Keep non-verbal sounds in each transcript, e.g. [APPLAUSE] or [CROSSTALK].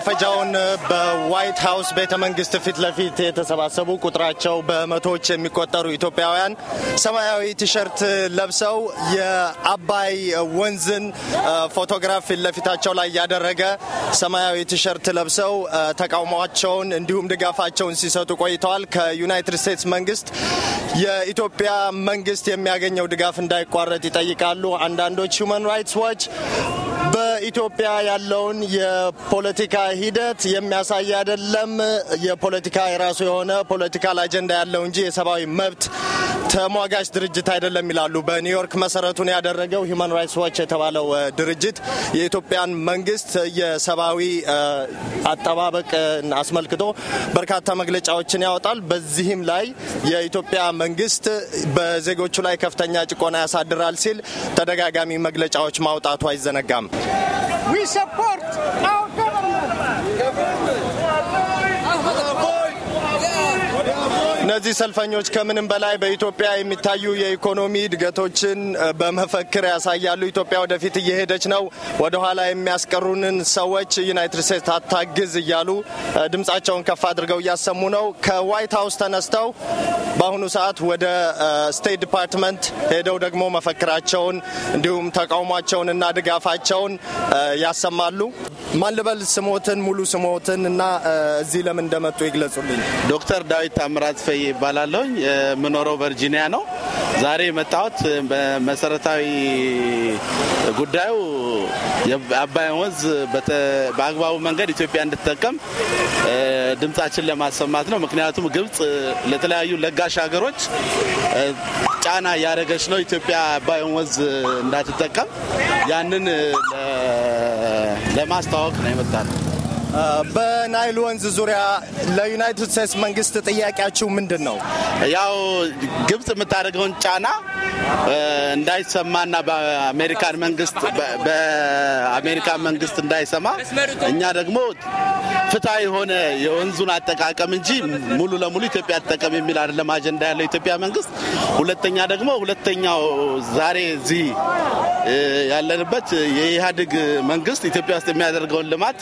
ማርፈጃውን በዋይት ሀውስ ቤተ መንግስት ፊት ለፊት የተሰባሰቡ ቁጥራቸው በመቶዎች የሚቆጠሩ ኢትዮጵያውያን ሰማያዊ ቲሸርት ለብሰው የአባይ ወንዝን ፎቶግራፍ ፊት ለፊታቸው ላይ ያደረገ ሰማያዊ ቲሸርት ለብሰው ተቃውሟቸውን እንዲሁም ድጋፋቸውን ሲሰጡ ቆይተዋል። ከዩናይትድ ስቴትስ መንግስት የኢትዮጵያ መንግስት የሚያገኘው ድጋፍ እንዳይቋረጥ ይጠይቃሉ። አንዳንዶች ሁማን ራይትስ ዋች በኢትዮጵያ ያለውን የፖለቲካ ሂደት የሚያሳይ አይደለም። የፖለቲካ የራሱ የሆነ ፖለቲካል አጀንዳ ያለው እንጂ የሰብአዊ መብት ተሟጋች ድርጅት አይደለም ይላሉ። በኒውዮርክ መሰረቱን ያደረገው ሂውማን ራይትስ ዋች የተባለው ድርጅት የኢትዮጵያን መንግስት የሰብአዊ አጠባበቅ አስመልክቶ በርካታ መግለጫዎችን ያወጣል። በዚህም ላይ የኢትዮጵያ መንግስት በዜጎቹ ላይ ከፍተኛ ጭቆና ያሳድራል ሲል ተደጋጋሚ መግለጫዎች ማውጣቱ አይዘነጋም። እነዚህ ሰልፈኞች ከምንም በላይ በኢትዮጵያ የሚታዩ የኢኮኖሚ እድገቶችን በመፈክር ያሳያሉ። ኢትዮጵያ ወደፊት እየሄደች ነው፣ ወደኋላ የሚያስቀሩንን ሰዎች ዩናይትድ ስቴትስ አታግዝ እያሉ ድምጻቸውን ከፍ አድርገው እያሰሙ ነው። ከዋይት ሀውስ ተነስተው በአሁኑ ሰዓት ወደ ስቴት ዲፓርትመንት ሄደው ደግሞ መፈክራቸውን እንዲሁም ተቃውሟቸውንና ድጋፋቸውን ያሰማሉ። ማልበል ስሞትን ሙሉ ስሞትን እና እዚህ ለምን እንደመጡ ይግለጹልኝ። ዶክተር ዳዊት ታምራት ፈይ ይባላለሁኝ። የምኖረው ቨርጂኒያ ነው። ዛሬ የመጣሁት በመሰረታዊ ጉዳዩ የአባይን ወንዝ በአግባቡ መንገድ ኢትዮጵያ እንድትጠቀም ድምጻችን ለማሰማት ነው። ምክንያቱም ግብጽ ለተለያዩ ለጋሽ ሀገሮች ጫና እያደረገች ነው፣ ኢትዮጵያ አባይን ወንዝ እንዳትጠቀም ያንን ለማስተዋወቅ ነው የመጣ ነው። በናይል ወንዝ ዙሪያ ለዩናይትድ ስቴትስ መንግስት ጥያቄያችሁ ምንድን ነው? ያው ግብጽ የምታደርገውን ጫና እንዳይሰማና በአሜሪካን መንግስት በአሜሪካን መንግስት እንዳይሰማ እኛ ደግሞ ፍታ የሆነ የወንዙን አጠቃቀም እንጂ ሙሉ ለሙሉ ኢትዮጵያ አጠቀም የሚል አይደለም አጀንዳ ያለው የኢትዮጵያ መንግስት። ሁለተኛ ደግሞ ሁለተኛው ዛሬ እዚህ ያለንበት የኢህአዴግ መንግስት ኢትዮጵያ ውስጥ የሚያደርገውን ልማት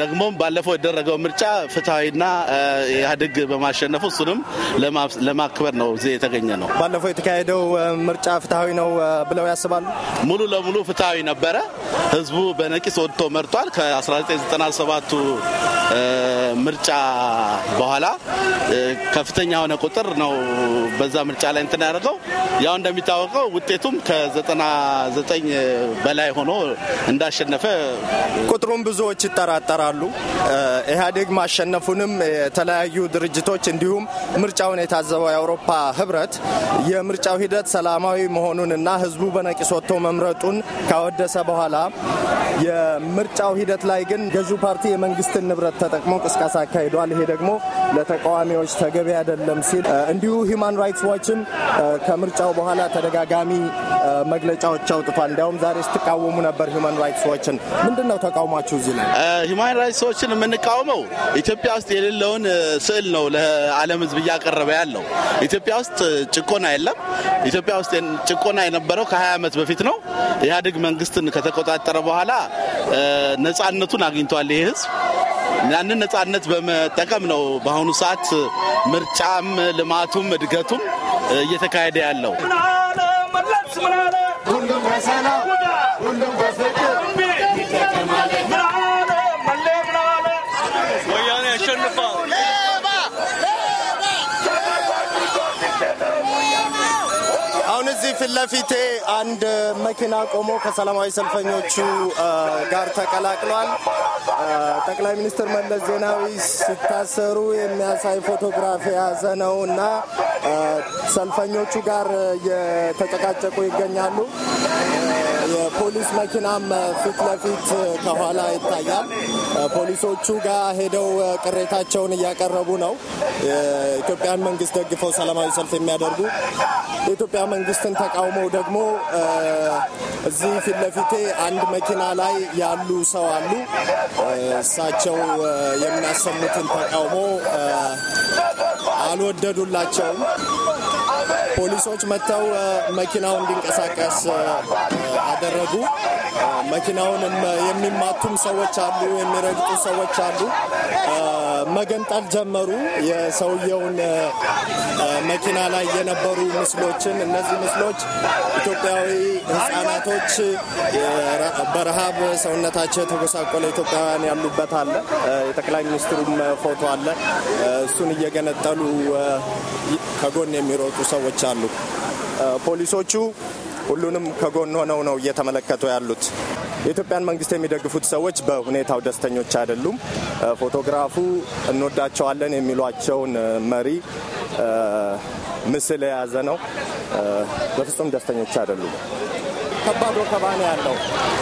ደግሞም ባለፈው የደረገው ምርጫ ፍትሐዊና ኢህአዴግ በማሸነፉ እሱንም ለማክበር ነው እዚህ የተገኘ ነው። ባለፈው የተካሄደው ምርጫ ፍትሐዊ ነው ብለው ያስባሉ? ሙሉ ለሙሉ ፍትሐዊ ነበረ። ህዝቡ በነቂስ ወጥቶ መርጧል። ከ1997 ምርጫ በኋላ ከፍተኛ የሆነ ቁጥር ነው በዛ ምርጫ ላይ እንትን ያደርገው። ያው እንደሚታወቀው ውጤቱም ከ99 በላይ ሆኖ እንዳሸነፈ ቁጥሩን ብዙዎች ይጠራጠራሉ። ኢህአዴግ ማሸነፉንም የተለያዩ ድርጅቶች እንዲሁም ምርጫውን የታዘበው የአውሮፓ ህብረት የምርጫው ሂደት ሰላማዊ መሆኑንና ህዝቡ በነቂስ ወጥቶ መምረጡን ካወደሰ በኋላ የምርጫው ሂደት ላይ ግን ገዢው ፓርቲ የመንግስትን ንብረት ተጠቅሞ ቅስቀሳ አካሂዷል። ይሄ ደግሞ ለተቃዋሚዎች ተገቢ አይደለም ሲል እንዲሁ ሂዩማን ራይትስ ዋችም ከምርጫው በኋላ ተደጋጋሚ መግለጫዎች አውጥቷል። እንዲያውም ዛሬ ስትቃወሙ ነበር ሂውማን ራይትስ ዋችን። ምንድን ነው ተቃውሟችሁ? እዚህ ላይ ሂውማን ራይትስ ዋችን የምንቃወመው ኢትዮጵያ ውስጥ የሌለውን ስዕል ነው ለዓለም ህዝብ እያቀረበ ያለው። ኢትዮጵያ ውስጥ ጭቆና የለም። ኢትዮጵያ ውስጥ ጭቆና የነበረው ከ20 ዓመት በፊት ነው። ኢህአዴግ መንግስትን ከተቆጣጠረ በኋላ ነጻነቱን አግኝቷል። ይህ ህዝብ ያንን ነጻነት በመጠቀም ነው በአሁኑ ሰዓት ምርጫም፣ ልማቱም፣ እድገቱም እየተካሄደ ያለው አሁን እዚህ ፊት ለፊቴ አንድ መኪና ቆሞ ከሰላማዊ ሰልፈኞቹ ጋር ተቀላቅሏል። ጠቅላይ ሚኒስትር መለስ ዜናዊ ሲታሰሩ የሚያሳይ ፎቶግራፍ የያዘ ነው እና ሰልፈኞቹ ጋር እየተጨቃጨቁ ይገኛሉ። የፖሊስ መኪናም ፊት ለፊት ከኋላ ይታያል። ፖሊሶቹ ጋር ሄደው ቅሬታቸውን እያቀረቡ ነው። የኢትዮጵያን መንግስት ደግፈው ሰላማዊ ሰልፍ የሚያደርጉ የኢትዮጵያ መንግስትን ተቃውመው ደግሞ እዚህ ፊት ለፊቴ አንድ መኪና ላይ ያሉ ሰው አሉ። እሳቸው የሚያሰሙትን ተቃውሞ አልወደዱላቸውም። ፖሊሶች መጥተው መኪናው እንዲንቀሳቀስ አደረጉ። መኪናውን የሚማቱም ሰዎች አሉ፣ የሚረግጡ ሰዎች አሉ። መገንጠል ጀመሩ። የሰውየውን መኪና ላይ የነበሩ ምስሎችን እነዚህ ምስሎች ኢትዮጵያዊ ህጻናቶች በረሃብ ሰውነታቸው የተጎሳቆለ ኢትዮጵያውያን ያሉበት አለ። የጠቅላይ ሚኒስትሩም ፎቶ አለ። እሱን እየገነጠሉ ከጎን የሚሮጡ ሰዎች አሉ። ፖሊሶቹ ሁሉንም ከጎን ሆነው ነው እየተመለከቱ ያሉት። የኢትዮጵያን መንግስት የሚደግፉት ሰዎች በሁኔታው ደስተኞች አይደሉም። ፎቶግራፉ እንወዳቸዋለን የሚሏቸውን መሪ ምስል የያዘ ነው። በፍጹም ደስተኞች አይደሉም። ከባድ ወከባ ነው ያለው።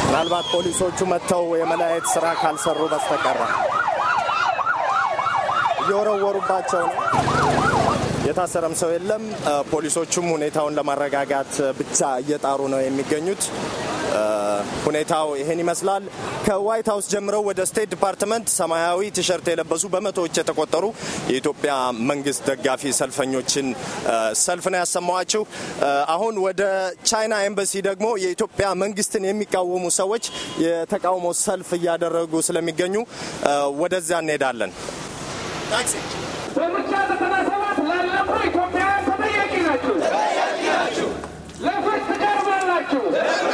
ምናልባት ፖሊሶቹ መጥተው የመለያየት ስራ ካልሰሩ በስተቀረ እየወረወሩባቸው ነው። የታሰረም ሰው የለም። ፖሊሶቹም ሁኔታውን ለማረጋጋት ብቻ እየጣሩ ነው የሚገኙት። ሁኔታው ይህን ይመስላል። ከዋይት ሀውስ ጀምረው ወደ ስቴት ዲፓርትመንት ሰማያዊ ቲሸርት የለበሱ በመቶዎች የተቆጠሩ የኢትዮጵያ መንግስት ደጋፊ ሰልፈኞችን ሰልፍ ነው ያሰማዋችሁ። አሁን ወደ ቻይና ኤምባሲ ደግሞ የኢትዮጵያ መንግስትን የሚቃወሙ ሰዎች የተቃውሞ ሰልፍ እያደረጉ ስለሚገኙ ወደዚያ እንሄዳለን። Yeah. [LAUGHS]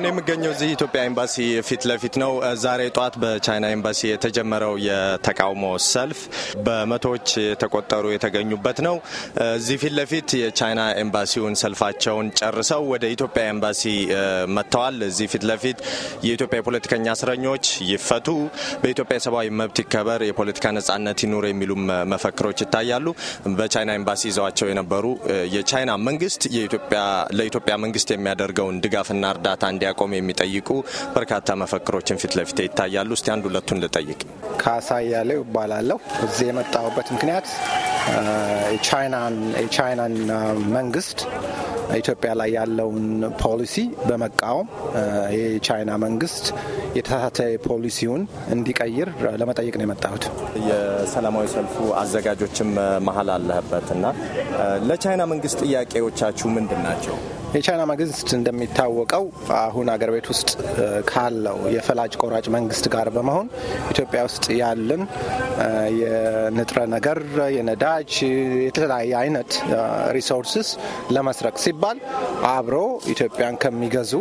አሁን የምገኘው እዚህ ኢትዮጵያ ኤምባሲ ፊት ለፊት ነው። ዛሬ ጠዋት በቻይና ኤምባሲ የተጀመረው የተቃውሞ ሰልፍ በመቶዎች የተቆጠሩ የተገኙበት ነው። እዚህ ፊት ለፊት የቻይና ኤምባሲውን ሰልፋቸውን ጨርሰው ወደ ኢትዮጵያ ኤምባሲ መጥተዋል። እዚህ ፊት ለፊት የኢትዮጵያ የፖለቲከኛ እስረኞች ይፈቱ፣ በኢትዮጵያ የሰብአዊ መብት ይከበር፣ የፖለቲካ ነጻነት ይኑር የሚሉ መፈክሮች ይታያሉ። በቻይና ኤምባሲ ይዘዋቸው የነበሩ የቻይና መንግስት ለኢትዮጵያ መንግስት የሚያደርገውን ድጋፍና እርዳታ እንዲያ እንዲያቆም የሚጠይቁ በርካታ መፈክሮችን ፊት ለፊት ይታያሉ። እስቲ አንድ ሁለቱን ልጠይቅ። ካሳ እያለው ይባላለሁ። እዚህ የመጣሁበት ምክንያት የቻይናን መንግስት ኢትዮጵያ ላይ ያለውን ፖሊሲ በመቃወም የቻይና መንግስት የተሳሳተ ፖሊሲውን እንዲቀይር ለመጠየቅ ነው የመጣሁት። የሰላማዊ ሰልፉ አዘጋጆችም መሀል አለህበት እና ለቻይና መንግስት ጥያቄዎቻችሁ ምንድን ናቸው? የቻይና መንግስት እንደሚታወቀው አሁን አገር ቤት ውስጥ ካለው የፈላጭ ቆራጭ መንግስት ጋር በመሆን ኢትዮጵያ ውስጥ ያለን የንጥረ ነገር፣ የነዳጅ፣ የተለያየ አይነት ሪሶርስስ ለመስረቅ ሲባል አብሮ ኢትዮጵያን ከሚገዙ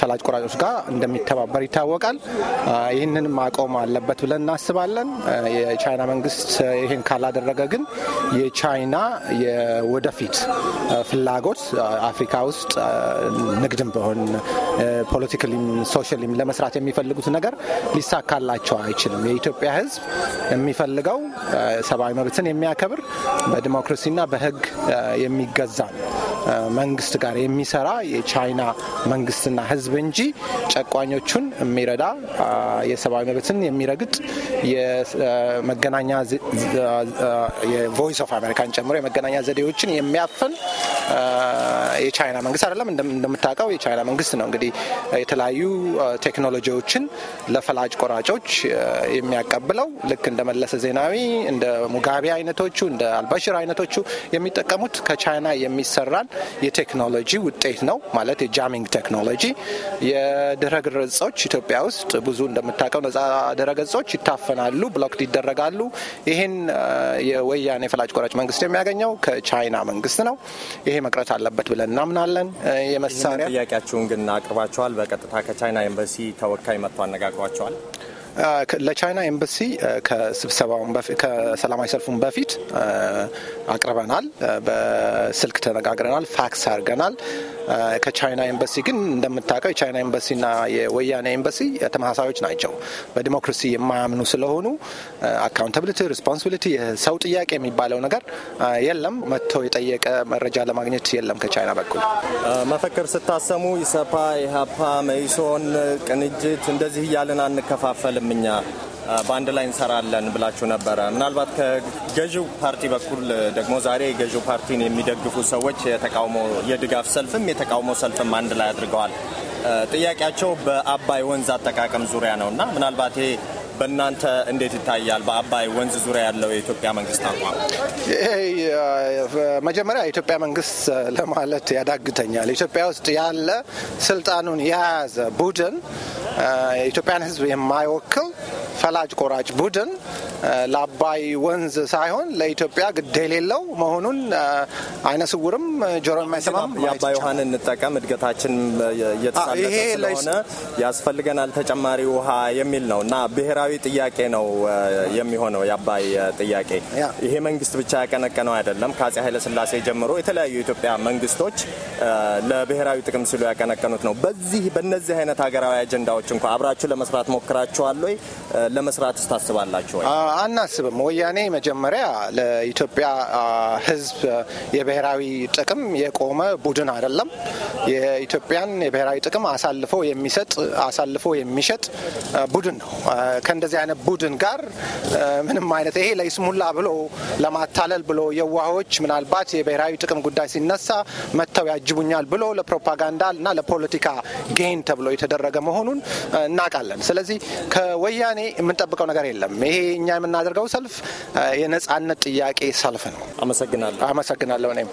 ፈላጭ ቆራጮች ጋር እንደሚተባበር ይታወቃል። ይህንን ማቆም አለበት ብለን እናስባለን። የቻይና መንግስት ይህን ካላደረገ ግን የቻይና የወደፊት ፍላጎት አፍሪካ ውስጥ ንግድም ቢሆን ፖለቲካሊም ሶሻሊም ለመስራት የሚፈልጉት ነገር ሊሳካላቸው አይችልም። የኢትዮጵያ ሕዝብ የሚፈልገው ሰብአዊ መብትን የሚያከብር በዲሞክራሲና በሕግ የሚገዛ ነው። መንግስት ጋር የሚሰራ የቻይና መንግስትና ህዝብ እንጂ ጨቋኞቹን የሚረዳ የሰብአዊ መብትን የሚረግጥ የመገናኛ የቮይስ ኦፍ አሜሪካን ጨምሮ የመገናኛ ዘዴዎችን የሚያፍን የቻይና መንግስት አይደለም። እንደምታውቀው የቻይና መንግስት ነው እንግዲህ የተለያዩ ቴክኖሎጂዎችን ለፈላጭ ቆራጮች የሚያቀብለው ልክ እንደ መለሰ ዜናዊ፣ እንደ ሙጋቤ አይነቶቹ፣ እንደ አልባሽር አይነቶቹ የሚጠቀሙት ከቻይና የሚሰራን የቴክኖሎጂ ውጤት ነው ማለት የጃሚንግ ቴክኖሎጂ የድረገጾች ኢትዮጵያ ውስጥ ብዙ እንደምታውቀው ነጻ ድረገጾች ይታፈናሉ፣ ብሎክድ ይደረጋሉ። ይህን የወያኔ ፈላጭ ቆራጭ መንግስት የሚያገኘው ከቻይና መንግስት ነው። ይሄ መቅረት አለበት ብለን እናምናለን። የመሳሪያ ጥያቄያችሁን ግን አቅርባችኋል? በቀጥታ ከቻይና ኤምባሲ ተወካይ መጥቶ አነጋግሯቸዋል? ለቻይና ኤምባሲ ከስብሰባውን ከሰላማዊ ሰልፉን በፊት አቅርበናል። በስልክ ተነጋግረናል፣ ፋክስ አድርገናል። ከቻይና ኤምባሲ ግን እንደምታውቀው የቻይና ኤምባሲና የወያኔ ኤምባሲ ተመሳሳዮች ናቸው። በዲሞክራሲ የማያምኑ ስለሆኑ አካውንታብሊቲ፣ ሪስፖንሲቢሊቲ የሰው ጥያቄ የሚባለው ነገር የለም። መጥቶ የጠየቀ መረጃ ለማግኘት የለም ከቻይና በኩል መፈክር ስታሰሙ ኢሰፓ፣ ኢሀፓ፣ መኢሶን፣ ቅንጅት እንደዚህ እያልን አንከፋፈልም አንችልም እኛ በአንድ ላይ እንሰራለን ብላችሁ ነበረ። ምናልባት ከገዢው ፓርቲ በኩል ደግሞ ዛሬ የገዢው ፓርቲን የሚደግፉ ሰዎች የተቃውሞ የድጋፍ ሰልፍም የተቃውሞ ሰልፍም አንድ ላይ አድርገዋል። ጥያቄያቸው በአባይ ወንዝ አጠቃቀም ዙሪያ ነው እና ምናልባት ይሄ በእናንተ እንዴት ይታያል? በአባይ ወንዝ ዙሪያ ያለው የኢትዮጵያ መንግስት አቋም? መጀመሪያ የኢትዮጵያ መንግስት ለማለት ያዳግተኛል። ኢትዮጵያ ውስጥ ያለ ስልጣኑን የያዘ ቡድን የኢትዮጵያን ሕዝብ የማይወክል ፈላጭ ቆራጭ ቡድን ለአባይ ወንዝ ሳይሆን ለኢትዮጵያ ግድ የሌለው መሆኑን አይነ ስውርም ጆሮ የማይሰማም የአባይ ውሃን እንጠቀም፣ እድገታችን እየተሳለጠ ስለሆነ ያስፈልገናል ተጨማሪ ውሃ የሚል ነው እና ብሔራዊ ህዝባዊ ጥያቄ ነው የሚሆነው የአባይ ጥያቄ። ይሄ መንግስት ብቻ ያቀነቀነው አይደለም። ከአጼ ኃይለስላሴ ጀምሮ የተለያዩ የኢትዮጵያ መንግስቶች ለብሔራዊ ጥቅም ሲሉ ያቀነቀኑት ነው። በዚህ በእነዚህ አይነት ሀገራዊ አጀንዳዎች እንኳ አብራችሁ ለመስራት ሞክራችኋል ወይ? ለመስራትስ ታስባላችሁ ወይ? አናስብም። ወያኔ መጀመሪያ ለኢትዮጵያ ህዝብ የብሔራዊ ጥቅም የቆመ ቡድን አይደለም። የኢትዮጵያን የብሔራዊ ጥቅም አሳልፎ የሚሰጥ አሳልፎ የሚሸጥ ቡድን ነው። ከእንደዚህ አይነት ቡድን ጋር ምንም አይነት ይሄ ለይስሙላ ብሎ ለማታለል ብሎ የዋሆች ምናልባት የብሔራዊ ጥቅም ጉዳይ ሲነሳ መጥተው ያጅቡኛል ብሎ ለፕሮፓጋንዳ እና ለፖለቲካ ጌን ተብሎ የተደረገ መሆኑን እናውቃለን። ስለዚህ ከወያኔ የምንጠብቀው ነገር የለም። ይሄ እኛ የምናደርገው ሰልፍ የነጻነት ጥያቄ ሰልፍ ነው። አመሰግናለሁ። አመሰግናለሁ እኔም